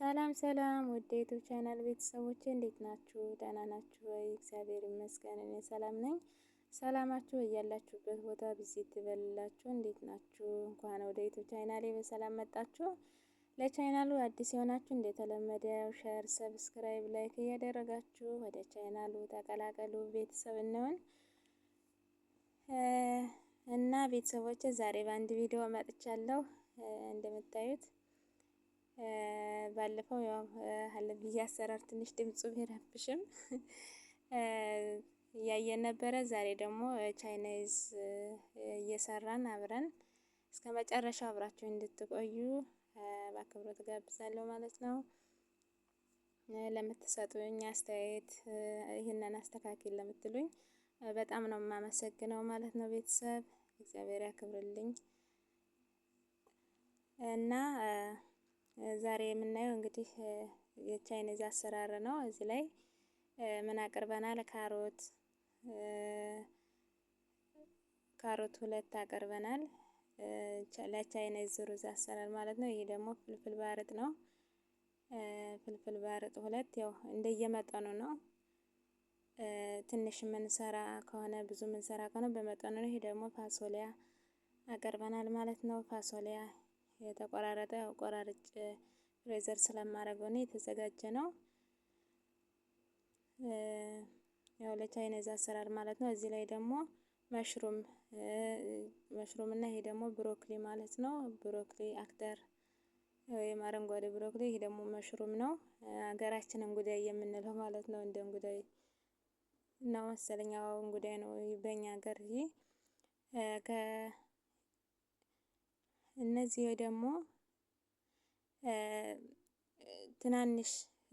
ሰላም ሰላም ወደ ዩቱብ ቻናል ቤተሰቦቼ እንዴት ናችሁ? ደህና ናችሁ ወይ? እግዚአብሔር ይመስገን እኔ ሰላም ነኝ። ሰላማችሁ እያላችሁበት ቦታ ቪዚት ትበልላችሁ። እንዴት ናችሁ? እንኳን ወደ ዩቱብ ቻናሌ በሰላም መጣችሁ። ለቻናሉ አዲስ የሆናችሁ እንደተለመደው ሸር፣ ሰብስክራይብ፣ ላይክ እያደረጋችሁ ወደ ቻናሉ ተቀላቀሉ ቤተሰብ እንሆን እና ቤተሰቦች ዛሬ በአንድ ቪዲዮ መጥቻለሁ እንደምታዩት ባለፈው ያው ሀለብዬ አሰራር ትንሽ ድምፁ ቢረብሽም እያየን ነበረ። ዛሬ ደግሞ ቻይናይዝ እየሰራን አብረን እስከ መጨረሻው አብራችሁ እንድትቆዩ በአክብሮት ጋብዛለሁ ማለት ነው። ለምትሰጡኝ አስተያየት ይህንን አስተካክል ለምትሉኝ በጣም ነው የማመሰግነው ማለት ነው። ቤተሰብ እግዚአብሔር ያክብርልኝ እና ዛሬ የምናየው እንግዲህ የቻይኒዝ አሰራር ነው። እዚህ ላይ ምን አቅርበናል? ካሮት ካሮት ሁለት አቅርበናል። ለቻይኒዝ ሩዝ አሰራር ማለት ነው። ይሄ ደግሞ ፍልፍል ባርጥ ነው። ፍልፍል ባርጥ ሁለት ያው እንደየመጠኑ ነው። ትንሽ ምንሰራ ከሆነ ብዙ ምንሰራ ከሆነ በመጠኑ ነው። ይሄ ደግሞ ፋሶሊያ አቅርበናል ማለት ነው። ፋሶሊያ የተቆራረጠ ቆራርጭ ፍሬዘር ስለማድረግ ነው የተዘጋጀ ነው። ያው ለቻይናይዝ አሰራር ማለት ነው። እዚህ ላይ ደግሞ መሽሩም መሽሩም እና ይሄ ደግሞ ብሮኮሊ ማለት ነው። ብሮኮሊ አክተር ወይም አረንጓዴ ብሮኮሊ፣ ይሄ ደግሞ መሽሩም ነው። ሀገራችን እንጉዳይ የምንለው ማለት ነው። እንደ እንጉዳይ እና መሰለኛ እንጉዳይ ነው በእኛ ሀገር ይሄ እነዚህ ደግሞ ትናንሽ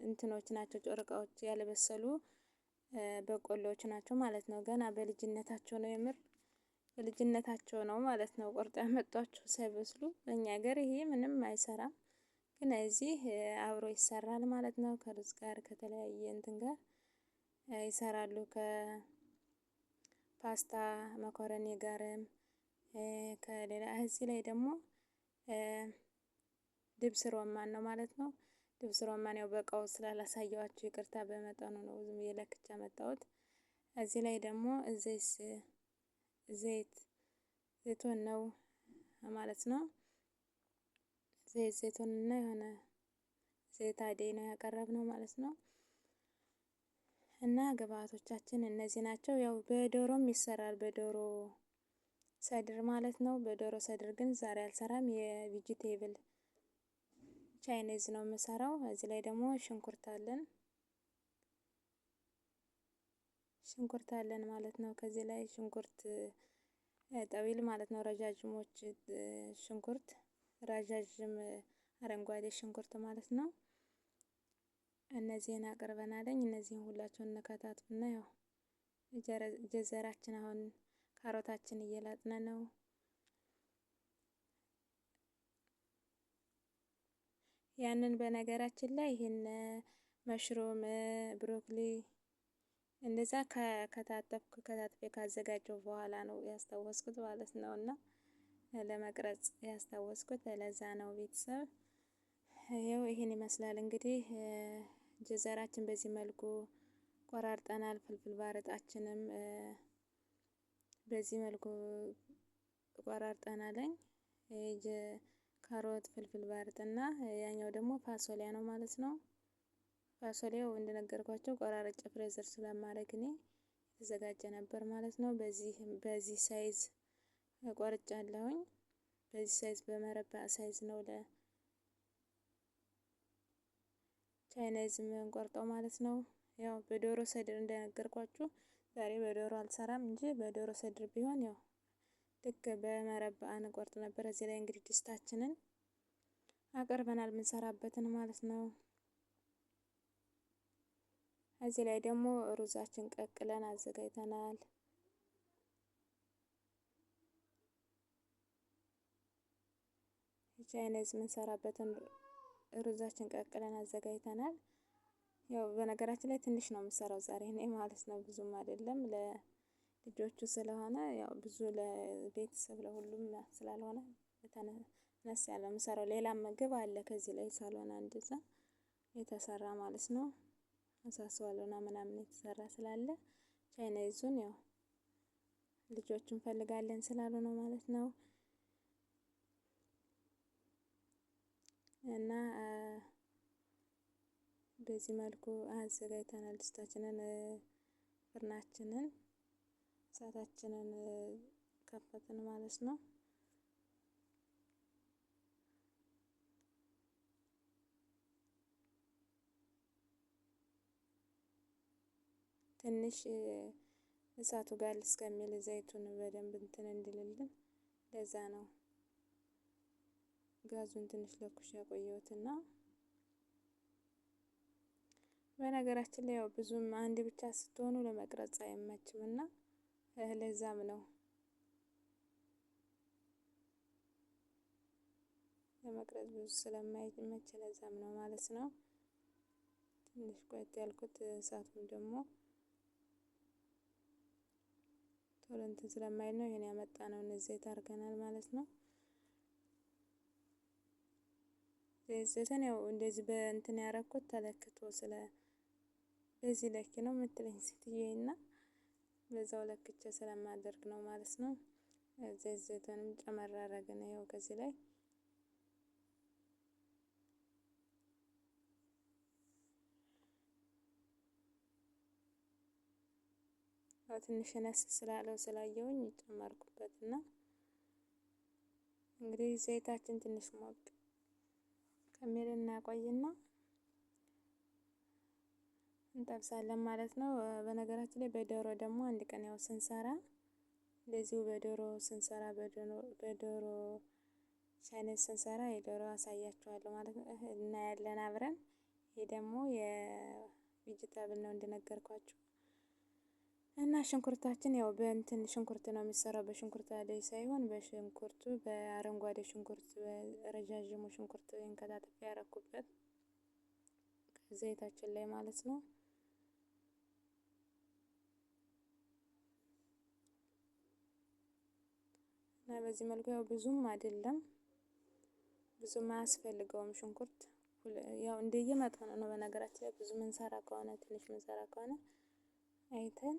እንትኖች ናቸው፣ ጨርቃዎች ያልበሰሉ በቆሎዎች ናቸው ማለት ነው። ገና በልጅነታቸው ነው የምር በልጅነታቸው ነው ማለት ነው። ቆርጦ ያመጧቸው ሳይበስሉ። ለኛ ሀገር ይሄ ምንም አይሰራም፣ ግን እዚህ አብሮ ይሰራል ማለት ነው። ከሩዝ ጋር ከተለያየ እንትን ጋር ይሰራሉ። ከፓስታ መኮረኒ ጋርም ከሌላ እዚህ ላይ ደግሞ ድብስ ሮማን ነው ማለት ነው። ድብስ ሮማን ያው በቃው ስላላሳየዋችሁ ይቅርታ፣ በመጠኑ ነው ዝም የለክቻ መጣሁት። እዚህ ላይ ደግሞ ዘይስ ዘይት ዘይቶን ነው ማለት ነው። ዘይት ዘይቶን እና የሆነ ዘይት አደይ ነው ያቀረብ ነው ማለት ነው። እና ግብአቶቻችን እነዚህ ናቸው። ያው በዶሮም ይሰራል በዶሮ ሰድር ማለት ነው። በዶሮ ሰድር ግን ዛሬ አልሰራም። የቪጂቴብል ቻይኒዝ ነው የምሰራው። እዚህ ላይ ደግሞ ሽንኩርት አለን ሽንኩርት አለን ማለት ነው። ከዚህ ላይ ሽንኩርት ጠዊል ማለት ነው። ረዣዥሞች ሽንኩርት ረዣዥም አረንጓዴ ሽንኩርት ማለት ነው። እነዚህን አቅርበናለኝ። እነዚህን ሁላቸውን እንከታትፍና ያው ጀዘራችን አሁን ካሮታችን እየላጥነ ነው። ያንን በነገራችን ላይ ይህን መሽሮም ብሮኮሊ እንደዛ ከታተፍኩ ካዘጋጀው በኋላ ነው ያስታወስኩት ማለት ነው። እና ለመቅረጽ ያስታወስኩት ለዛ ነው። ቤተሰብ ይኸው ይህን ይመስላል እንግዲህ ጀዘራችን በዚህ መልኩ ቆራርጠናል። ፍልፍል ባረጣችንም በዚህ መልኩ ቆራርጠናለኝ። ካሮት፣ ፍልፍል ባርጥና ያኛው ደግሞ ፋሶሊያ ነው ማለት ነው። ፋሶሊያው እንደነገርኳቸው ቆራርጬ ፍሬዘር ስለማድረግ እኔ የተዘጋጀ ነበር ማለት ነው። በዚህ በዚህ ሳይዝ ቆርጫ በዚህ ሳይዝ በመረባ ሳይዝ ነው ለቻይናይዝ የምንቆርጠው ማለት ነው። ያው በዶሮ ሰድር እንደነገርኳችሁ ዛሬ በዶሮ አልሰራም እንጂ በዶሮ ሰድር ቢሆን ያው ልክ በመረብ አንቆርጥ ነበር። እዚህ ላይ እንግዲህ ድስታችንን አቅርበናል የምንሰራበትን ማለት ነው። እዚህ ላይ ደግሞ ሩዛችን ቀቅለን አዘጋጅተናል። ቻይኒዝ የምንሰራበትን ሩዛችን ቀቅለን አዘጋጅተናል። ያው በነገራችን ላይ ትንሽ ነው የምሰራው ዛሬ እኔ ማለት ነው፣ ብዙም አይደለም ለልጆቹ ስለሆነ ያው ብዙ ለቤተሰብ ለሁሉም ስላልሆነ ተነስ ያለ የምሰራው። ሌላ ምግብ አለ ከዚህ ላይ ሳልሆን አንድዛ የተሰራ ማለት ነው አሳስዋለና ምናምን የተሰራ ስላለ ቻይናይዙን ያው ልጆቹ እንፈልጋለን ስላሉ ነው ማለት ነው እና በዚህ መልኩ አዘጋጅተናል። ድስታችንን ፍርናችንን እሳታችንን ከፈትን ማለት ነው። ትንሽ እሳቱ ጋር እስከሚል ዘይቱን በደንብ እንትን እንድልልን ለዛ ነው ጋዙን ትንሽ ለኩሽ ያቆየሁትና በነገራችን ላይ ያው ብዙም አንድ ብቻ ስትሆኑ ለመቅረጽ አይመችም እና ለዛም ነው ለመቅረጽ ብዙ ስለማይመች ለዛም ነው ማለት ነው። ትንሽ ቆየት ያልኩት እሳቱን ደግሞ ቶሎ እንትን ስለማይል ነው። ይሄን ያመጣ ነው እነዚህ ታርገናል ማለት ነው። ዘይትን ያው እንደዚህ በእንትን ያረኩት ተለክቶ ስለ በዚህ ለኪ ነው የምትለኝ ሴትዬ እና በዛው ለክቼ ስለማደርግ ነው ማለት ነው። ዘይት ዘይቱንም ጨመር አረግን። ይኸው ከዚህ ላይ ትንሽ ነስ ስላለው ስላየውኝ ጨመርኩበት እና እንግዲህ ዘይታችን ትንሽ ሞቅ ከሚል እናቆይና እንጠብሳለን ማለት ነው። በነገራችን ላይ በዶሮ ደግሞ አንድ ቀን ያው ስንሰራ እንደዚሁ በዶሮ ስንሰራ በዶሮ ቻይነት ስንሰራ የዶሮ አሳያችኋለሁ ማለት ነው። እናያለን አብረን። ይሄ ደግሞ የቬጅታብል ነው እንደነገርኳችሁ እና ሽንኩርታችን ያው በእንትን ሽንኩርት ነው የሚሰራው። በሽንኩርት አደይ ሳይሆን በሽንኩርቱ በአረንጓዴ ሽንኩርት ረዣዥሙ ሽንኩርት ወይም ከታተፍ ያረኩበት ዘይታችን ላይ ማለት ነው። በዚህ መልኩ ያው ብዙም አይደለም ብዙም አያስፈልገውም ሽንኩርት ያው እንደየ መጠኑ ነው። በነገራችን ላይ ብዙ ምንሰራ ከሆነ ትንሽ ምንሰራ ከሆነ አይተን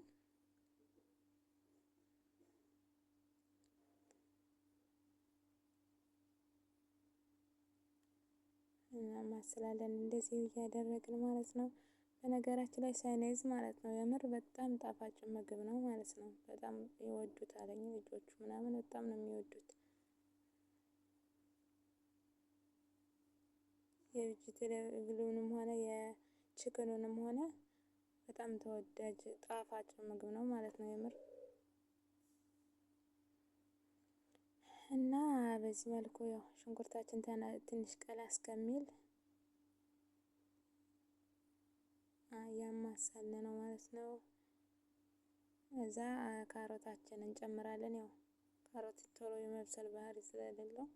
እናማስላለን እንደዚህ እያደረግን ማለት ነው። በነገራችን ላይ ሳይነዝ ማለት ነው። የምር በጣም ጣፋጭ ምግብ ነው ማለት ነው። በጣም ይወዱታል ልጆቹ ምናምን በጣም ነው የሚወዱት። የቬጅቴሪያኑንም ሆነ የችክኑንም ሆነ በጣም ተወዳጅ ጣፋጭ ምግብ ነው ማለት ነው የምር እና በዚህ መልኩ ያው ሽንኩርታችን ትንሽ ቀላ እስከሚል ያማሳል ነው ማለት ነው። እዛ ካሮታችን እንጨምራለን። ያው ካሮት ቶሎ የመብሰል ባህሪ ስለሌለው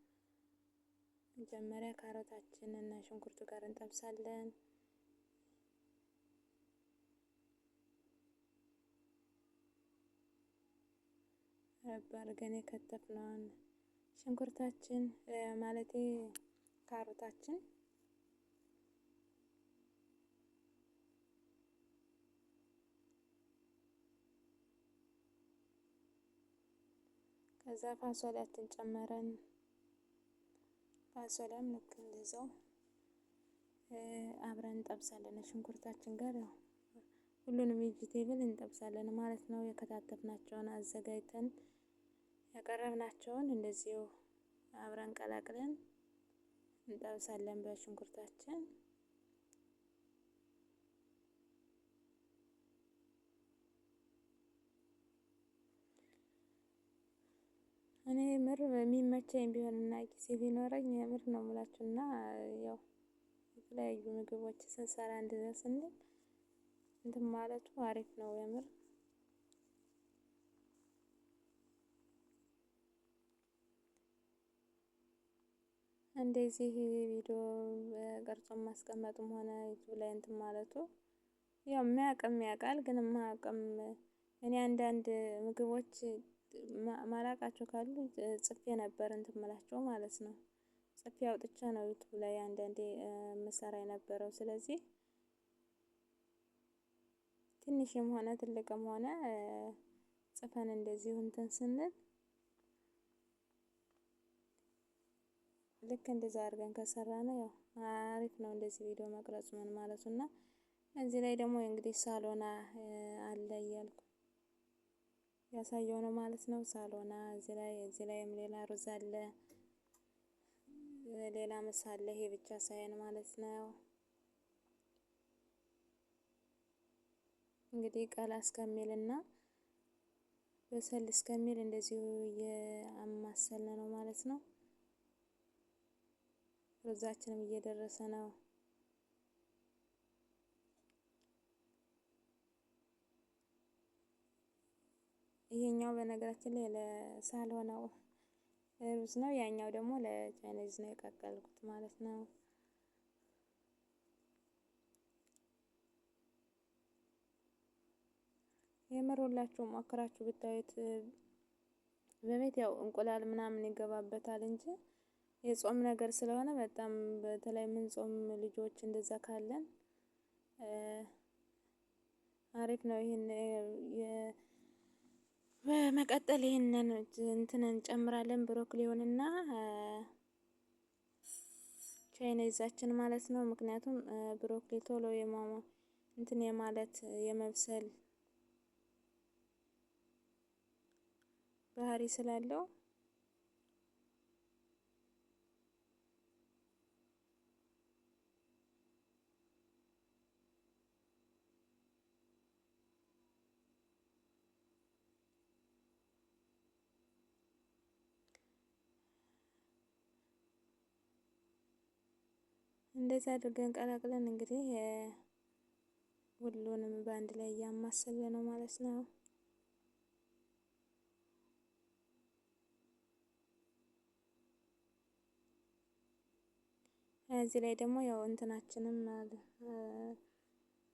መጀመሪያ ካሮታችን እና ሽንኩርቱ ጋር እንጠብሳለን። ረብ አድርገን የከተፍነውን ሽንኩርታችን ማለቴ ካሮታችን ከዛ ፋሶሊያችን ጨመረን። ፋሶሊያም ልክ እንደዛው አብረን እንጠብሳለን። ሽንኩርታችን ጋር ያው ሁሉንም ቬጅቴብል እንጠብሳለን ማለት ነው። የከታተፍናቸውን አዘጋጅተን ያቀረብናቸውን እንደዚሁ አብረን ቀላቅለን እንጠብሳለን በሽንኩርታችን እኔ ምር የሚመቸኝ ቢሆንና ጊዜ ቢኖረኝ ምር ነው ምላችሁ እና ያው የተለያዩ ምግቦች ስንሰራ እንደዛ ስንል እንትን ማለቱ አሪፍ ነው የምር። እንደዚህ ቪዲዮ ቀርጾ ማስቀመጥም ሆነ ዩቱብ ላይ እንትን ማለቱ ያው የሚያቅም ያውቃል፣ ግን የማያቅም እኔ አንዳንድ ምግቦች ማላቃቸው ካሉ ጽፌ ነበር እንትን ምላቸው ማለት ነው። ጽፌ አውጥቻ ነው ዩቱብ ላይ አንዳንዴ ምሰራ የነበረው። ስለዚህ ትንሽም ሆነ ትልቅም ሆነ ጽፈን እንደዚሁ እንትን ስንል ልክ እንደዛ አድርገን ከሰራ ነው ያው አሪፍ ነው። እንደዚህ ቪዲዮ መቅረጽ ምን እና እዚህ ላይ ደግሞ እንግዲህ ሳሎና አለ እያልኩ ያሳየው ነው ማለት ነው። ሳሎና እዚህ ላይ እዚህ ላይም ሌላ ሩዝ አለ፣ ሌላ ምሳ አለ። ይሄ ብቻ ሳይሆን ማለት ነው እንግዲህ ቀላ እስከሚልና በሰል እስከሚል እንደዚሁ እያማሰልን ነው ማለት ነው። ሩዛችንም እየደረሰ ነው። ይሄኛው በነገራችን ላይ ለሳልሆነው ሩዝ ነው። ያኛው ደግሞ ለቻይኒዝ ነው የቀቀልኩት ማለት ነው። የምር ሁላችሁ ሞክራችሁ ብታዩት በቤት ያው እንቁላል ምናምን ይገባበታል እንጂ የጾም ነገር ስለሆነ በጣም በተለይ ምን ጾም ልጆች እንደዛ ካለን አሪፍ ነው ይሄን በመቀጠል ይህንን እንትን እንጨምራለን እና ቻይናይዛችን ማለት ነው። ምክንያቱም ብሮኮሊ ቶሎ የማሞ እንትን የማለት የመብሰል ባህሪ ስላለው እንደዛ አድርገን ቀላቅለን እንግዲህ ሁሉንም በአንድ ላይ እያማሰለ ነው ማለት ነው። እዚህ ላይ ደግሞ ያው እንትናችንም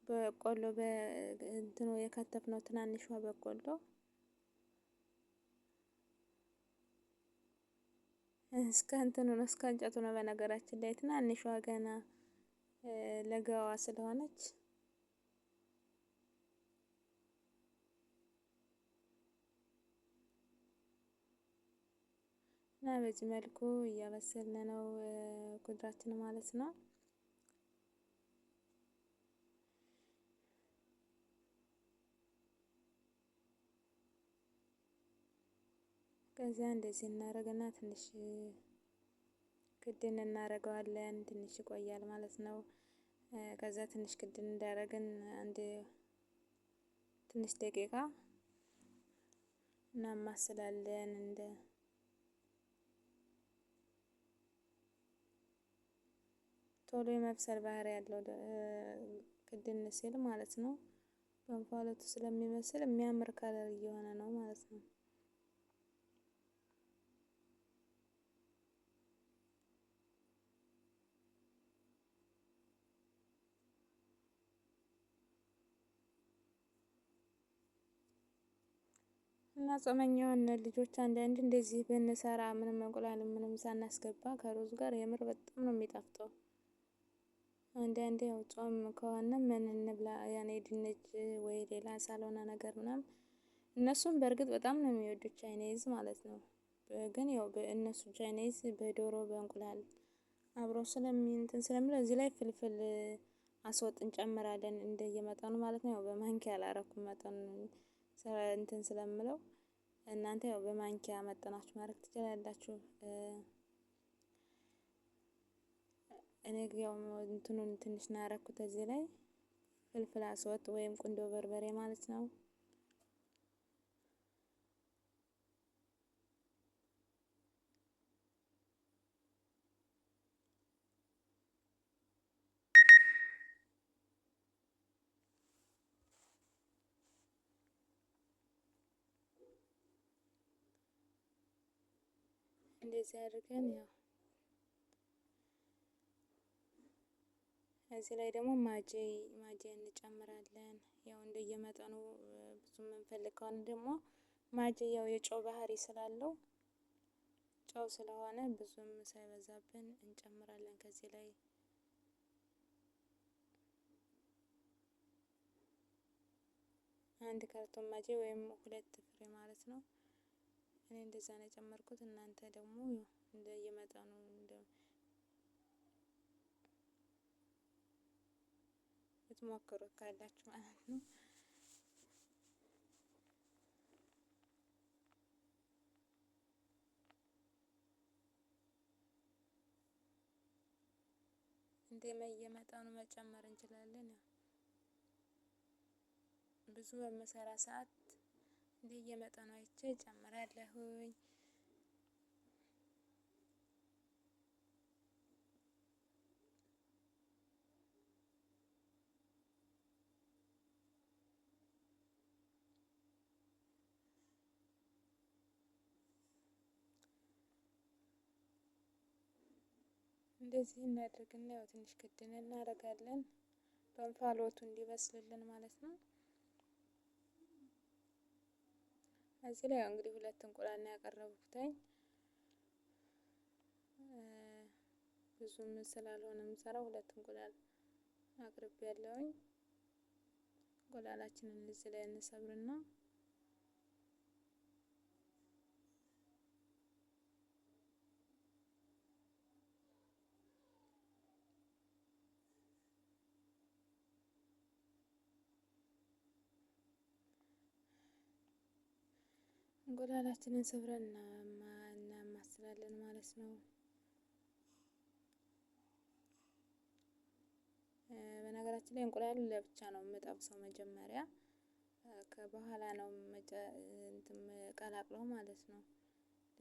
በቆሎ በእንትኑ የከተፍነው ትናንሿ በቆሎ እስከ እንትኑ ነው እስከ እንጨቱ ነው። በነገራችን ላይ ትናንሿ ገና ለጋዋ ስለሆነች እና በዚህ መልኩ እያበሰልን ነው ማለት ነው። ከዛ እንደዚህ እናደርግና ትንሽ ክድን እናደርገዋለን። ትንሽ ይቆያል ማለት ነው። ከዛ ትንሽ ክድን እንዳደረግን አንድ ትንሽ ደቂቃ እናማስላለን እንደ ቶሎ የመብሰል ባህሪ ያለው ክድን ሲል ማለት ነው። በእንፋሎቱ ስለሚመስል የሚያምር ከለር እየሆነ ነው ማለት ነው። ጾመኛውን ልጆች አንዳንድ እንደዚህ ብንሰራ ምንም እንቁላል ምንም ሳናስገባ ከሩዝ ጋር የምር በጣም ነው የሚጣፍጠው። አንዳንዴ ያው ጾም ከሆነ ምን እንብላ ያኔ ድንች ወይ ሌላ ሳልሆነ ነገር ምናምን እነሱም በእርግጥ በጣም ነው የሚወዱ ቻይኔዝ ማለት ነው። ግን ያው እነሱ ቻይኔዝ በዶሮ በእንቁላል አብሮ ስለሚንትን ስለሚለ እዚህ ላይ ፍልፍል አስወጥ እንጨምራለን እንደየመጠኑ ማለት ነው። ያው በማንኪያ አላረኩም መጠኑ እንትን ስለምለው እናንተ ያው በማንኪያ መጠናችሁ ማድረግ ትችላላችሁ። እኔ ያው እንትኑን ትንሽ ናረኩት እዚህ ላይ ፍልፍል አስወጥ ወይም ቁንዶ በርበሬ ማለት ነው። እንደዚህ አድርገን ያው እዚህ ላይ ደግሞ ማጄ ማጄ እንጨምራለን። ያው እንደየመጠኑ ብዙ የምንፈልግ ከሆነ ደግሞ ማጄ ያው የጨው ባህሪ ስላለው ጨው ስለሆነ ብዙም ሳይበዛብን እንጨምራለን ከዚህ ላይ አንድ ካርቶን ማጄ ወይም ሁለት ፍሬ ማለት ነው። እኔ እንደዛ ነው የጨመርኩት። እናንተ ደግሞ እንደ የመጠኑ ብትሞክሩት ካላችሁ ማለት ነው። እንደ የመጠኑ መጨመር እንችላለን። ብዙ በምሰራ ሰዓት እንደየመጠኑ አይቼ ጨምራለሁኝ። እንደዚህ እናድርግና ያው ትንሽ ክድን እናደርጋለን በእንፋሎቱ እንዲበስልልን ማለት ነው። እዚህ ላይ እንግዲህ ሁለት እንቁላል ነው ያቀረብኩትኝ ብዙም ስላልሆነ የምሰራው ሁለት እንቁላል አቅርቤ ያለውኝ። እንቁላላችንን እዚህ ላይ እንሰብርና እንቁላላችንን ሰብረን እናማስላለን ማለት ነው። በነገራችን ላይ እንቁላል ለብቻ ነው የምጠብሰው መጀመሪያ፣ ከበኋላ ነው ቀላቅለው ማለት ነው።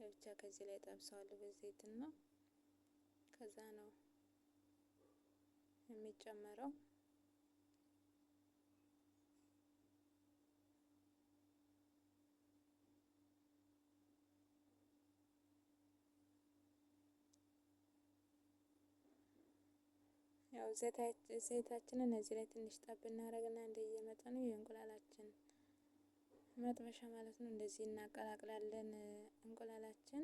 ለብቻ ከዚህ ላይ ጠብሰዋለሁ እና ከዛ ነው የሚጨመረው ያው ዘይታችንን እዚህ ላይ ትንሽ ጣብ እናደርግና እንደየመጠኑ የእንቁላላችን መጥበሻ ማለት ነው እንደዚህ እናቀላቅላለን። እንቁላላችን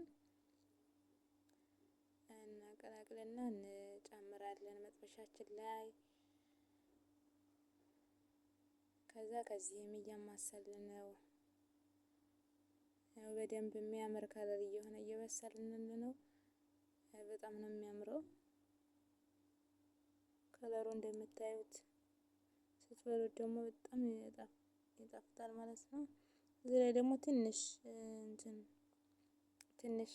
እናቀላቅልና እንጨምራለን መጥበሻችን ላይ ከዛ ከዚህም እያማሰልን ነው በደንብ የሚያምር ከለር እየሆነ እየበሰልን ነው። በጣም ነው የሚያምረው። ከለሩ እንደምታዩት ስትበሉት ደግሞ በጣም ይጣፍጣል ማለት ነው። እዚህ ላይ ደግሞ ትንሽ እንትን ትንሽ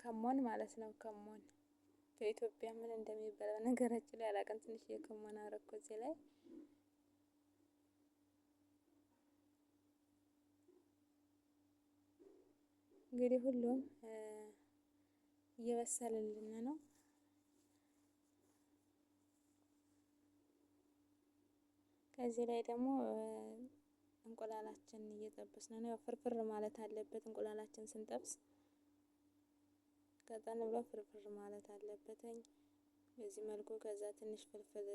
ከሞን ማለት ነው። ከሞን በኢትዮጵያ ምን እንደሚባለው ነገራችን ላይ አላውቅም። ትንሽ የከሞን አረኮ እዚህ ላይ እንግዲህ ሁሉም እየበሰለልን ነው። ከዚህ ላይ ደግሞ እንቁላላችን እየጠበስን ነው። ፍርፍር ማለት አለበት። እንቁላላችን ስንጠብስ ቀጠን ብሎ ፍርፍር ማለት አለበትኝ በዚህ መልኩ። ከዛ ትንሽ ፍልፍል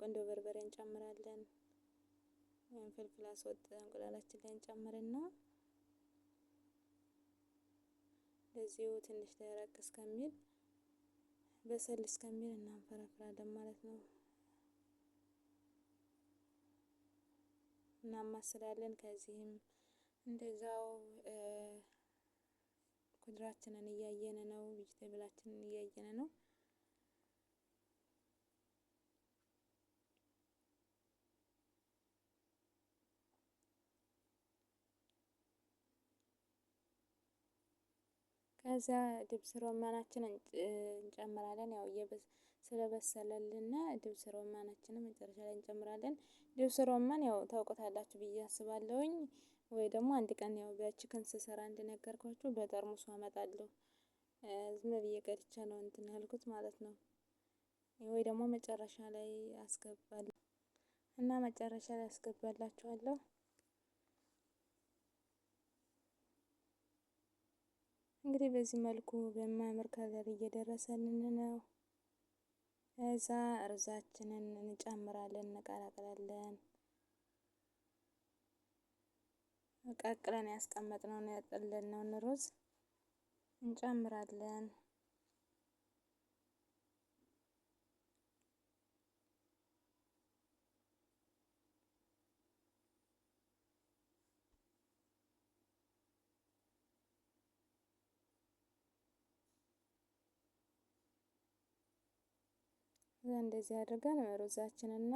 ቁንዶ በርበሬ እንጨምራለን። ፍልፍል አስወጥ እንቁላላችን ላይ እንጨምርና ለዚሁ ትንሽ ደረቅ እስከሚል በሰል እስከሚል እናንፈረፍራለን ማለት ነው። እናማስላለን። ከዚህም እንደዛው ኩድራችንን እያየን ነው፣ ቬጅቴብላችንን እያየን ነው። ከዛ ድብስ ሮማናችንን እንጨምራለን ያው ስለበሰለልና ድብስ ሮማናችንን መጨረሻ ላይ እንጨምራለን። ድብስ ሮማን ያው ታውቁታላችሁ ብዬ አስባለሁኝ። ወይ ደግሞ አንድ ቀን ያው በችክን ስሰራ እንደነገርኳችሁ በጠርሙሱ አመጣለሁ። ዝም ብዬ ቀድቼ ነው እንትን ያልኩት ማለት ነው። ወይ ደግሞ መጨረሻ ላይ አስገባለሁ እና መጨረሻ ላይ አስገባላችኋለሁ። እንግዲህ በዚህ መልኩ በማያምር ከለር እየደረሰልን ነው። እዛ እርዛችንን እንጨምራለን፣ እንቀላቅላለን። ቀቅለን ያስቀመጥነውን ያጠለልነውን ሩዝ እንጨምራለን። እንደዚህ አድርገን ሩዛችንና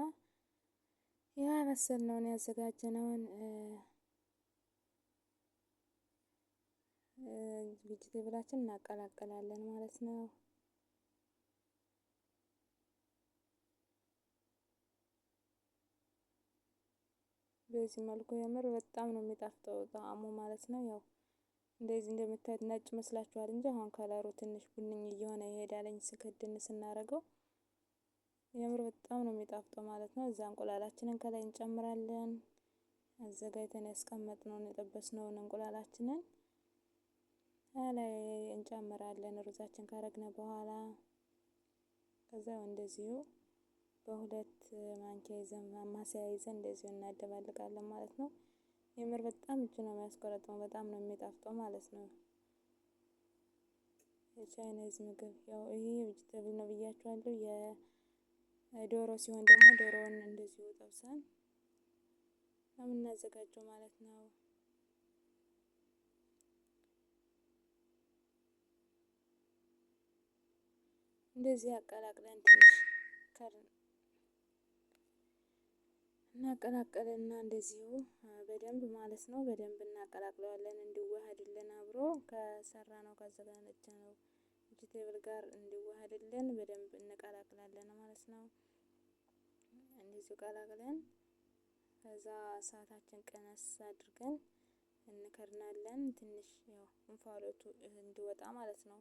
ያ መሰልነውን ያዘጋጀነውን ቬጅቴብላችን እናቀላቀላለን ማለት ነው። በዚህ መልኩ የምር በጣም ነው የሚጣፍጠው ጣዕሙ ማለት ነው። ያው እንደዚህ እንደምታዩት ነጭ መስላችኋል እንጂ አሁን ከለሩ ትንሽ ቡንኝ እየሆነ ይሄዳለኝ ስክድን ስናደርገው የምር በጣም ነው የሚጣፍጠው ማለት ነው። እዛ እንቁላላችንን ከላይ እንጨምራለን። አዘጋጅተን ያስቀመጥነውን የጠበስነውን እንቁላላችንን ከላይ እንጨምራለን። ሩዛችን ካረግነ በኋላ ከዛ እንደዚሁ በሁለት ማንኪያ ይዘን ማማሰያ ይዘን እንደዚሁ እናደባልቃለን ማለት ነው። የምር በጣም እጅ ነው የሚያስቆረጥመው። በጣም ነው የሚጣፍጠው ማለት ነው። የቻይናይዝ ምግብ ያው ይሄ ቬጅቴብል ነው ብያችኋለሁ። ዶሮ ሲሆን ደግሞ ዶሮውን እንደዚሁ ጠብሰን የምናዘጋጀው ማለት ነው። እንደዚህ አቀላቅለን ትንሽ እናቀላቀልና እንደዚሁ በደንብ ማለት ነው በደንብ እናቀላቅለዋለን እንዲዋሃድልን አብሮ ከሰራ ነው ካዘጋጀ ነው ቬጅቴብል ጋር እንዲዋሃድልን በደንብ እንቀላቅላለን ማለት ነው። እንደዚሁ ቀላቅለን ከዛ እሳታችን ቀነስ አድርገን እንከድናለን። ትንሽ ያው እንፋሎቱ እንዲወጣ ማለት ነው።